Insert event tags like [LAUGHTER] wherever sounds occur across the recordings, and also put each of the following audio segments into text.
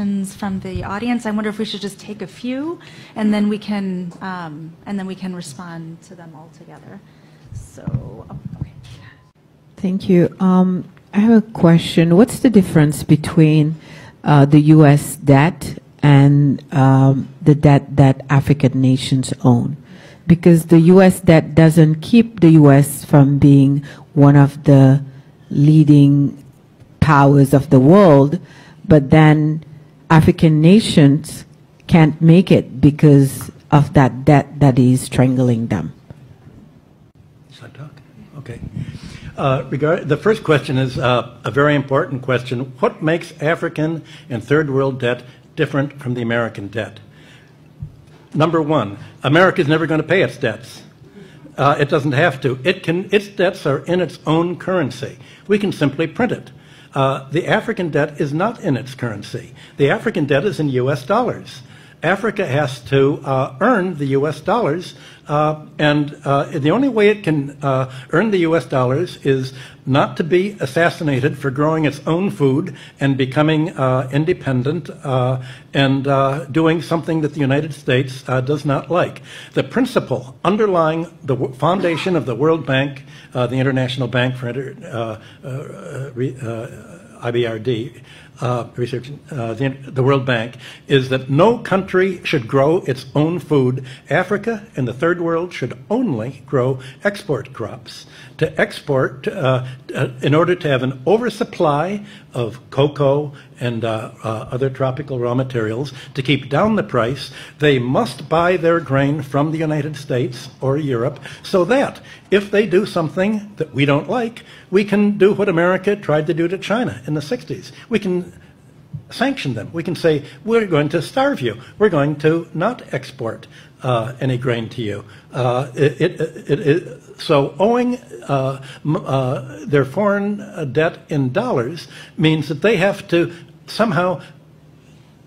questions from the audience. I wonder if we should just take a few, and then we can um, and then we can respond to them all together. So, oh, okay. Thank you. Um, I have a question. What's the difference between uh, the U.S. debt and um, the debt that African nations own? Because the U.S. debt doesn't keep the U.S. from being one of the leading powers of the world, but then African nations can't make it because of that debt that is strangling them. Okay. Uh, regard, the first question is uh, a very important question. What makes African and third world debt different from the American debt? Number one, America is never going to pay its debts. Uh, it doesn't have to. It can, its debts are in its own currency. We can simply print it. Uh, the African debt is not in its currency. The African debt is in US dollars. Africa has to uh, earn the U.S. dollars, uh, and uh, the only way it can uh, earn the U.S. dollars is not to be assassinated for growing its own food and becoming uh, independent uh, and doing something that the United States does not like. The principle underlying the foundation of the World Bank, the International Bank for IBRD, uh, research, uh, the, the, World Bank, is that no country should grow its own food. Africa and the Third World should only grow export crops. To export, uh, uh in order to have an oversupply of cocoa and uh, uh, other tropical raw materials, to keep down the price, they must buy their grain from the United States or Europe so that if they do something that we don't like, we can do what America tried to do to China in the 60s. We can sanction them. We can say, we're going to starve you. We're going to not export uh, any grain to you. Uh, it, it, it, so owing uh, uh, their foreign debt in dollars means that they have to somehow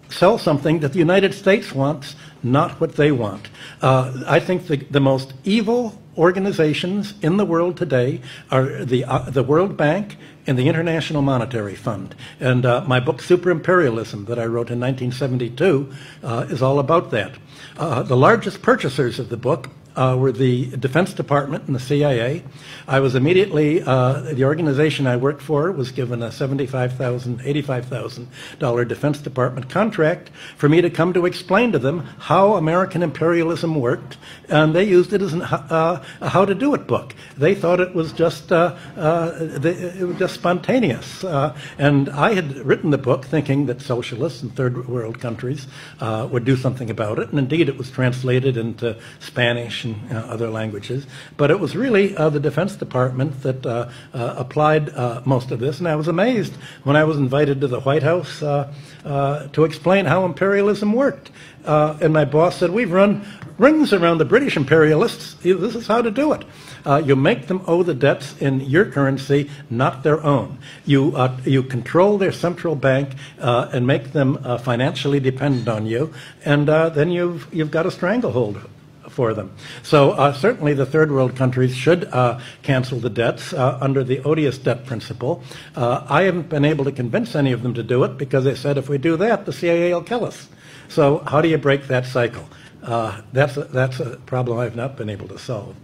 sell something that the United States wants, not what they want. Uh, I think the, the most evil organizations in the world today are the, uh, the World Bank and the International Monetary Fund. And uh, my book, Super Imperialism, that I wrote in 1972, uh, is all about that. Uh, the largest purchasers of the book uh, were the Defense Department and the CIA. I was immediately, uh, the organization I worked for was given a $75,000, $85,000 Defense Department contract for me to come to explain to them how American imperialism worked, and they used it as an, uh, a how to do it book. They thought it was just, uh, uh, the, it was just spontaneous. Uh, and I had written the book thinking that socialists in third world countries would do something about it, and indeed it was translated into Spanish English uh, other languages. But it was really uh, the Defense Department that uh, applied most of this. And I was amazed when I was invited to the White House to explain how imperialism worked. and my boss said, We've run rings around the British imperialists. This is how to do it. Uh, you make them owe the debts in your currency, not their own. You, uh, you control their central bank uh, and make them financially dependent on you, and then you've, you've got a stranglehold for them. So uh, certainly the third world countries should uh, cancel the debts uh, under the odious debt principle. Uh, I haven't been able to convince any of them to do it because they said if we do that, the CIA will kill us. So how do you break that cycle? Uh, that's, a, that's a problem I've not been able to solve.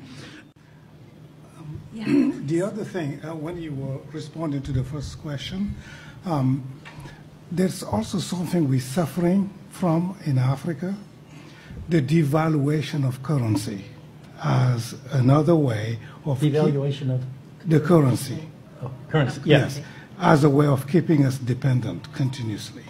Um, yeah. the other thing, uh, when you were responding to the first question, um, there's also something we're suffering from in Africa the devaluation of currency as another way of devaluation of the currency. Oh, currency, yes. yes. As a way of keeping us dependent continuously.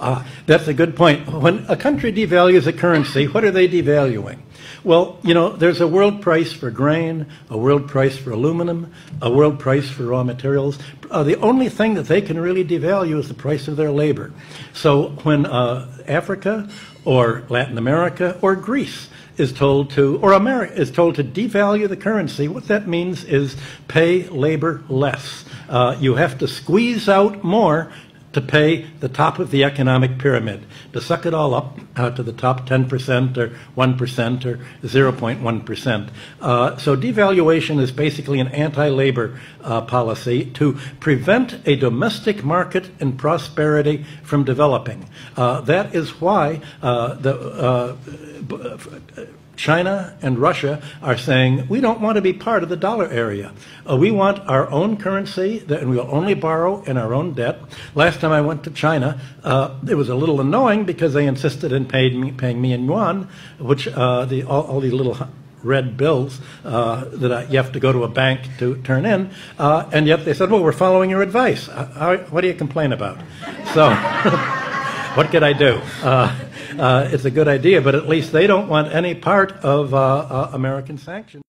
Ah, that's a good point. When a country devalues a currency, what are they devaluing? Well, you know, there's a world price for grain, a world price for aluminum, a world price for raw materials. Uh, the only thing that they can really devalue is the price of their labor. So when uh, Africa or Latin America or Greece is told to, or America is told to devalue the currency, what that means is pay labor less. Uh, you have to squeeze out more to pay the top of the economic pyramid, to suck it all up uh, to the top 10% or 1% or 0.1%. Uh, so devaluation is basically an anti-labor uh, policy to prevent a domestic market and prosperity from developing. Uh, that is why uh, the uh, China and Russia are saying, we don't want to be part of the dollar area. Uh, we want our own currency, and we'll only borrow in our own debt. Last time I went to China, uh, it was a little annoying because they insisted in me, paying me in yuan, which uh, the, all, all these little red bills uh, that I, you have to go to a bank to turn in. Uh, and yet they said, well, we're following your advice. Uh, what do you complain about? So [LAUGHS] what could I do? Uh, uh, it's a good idea, but at least they don't want any part of uh, uh American sanctions.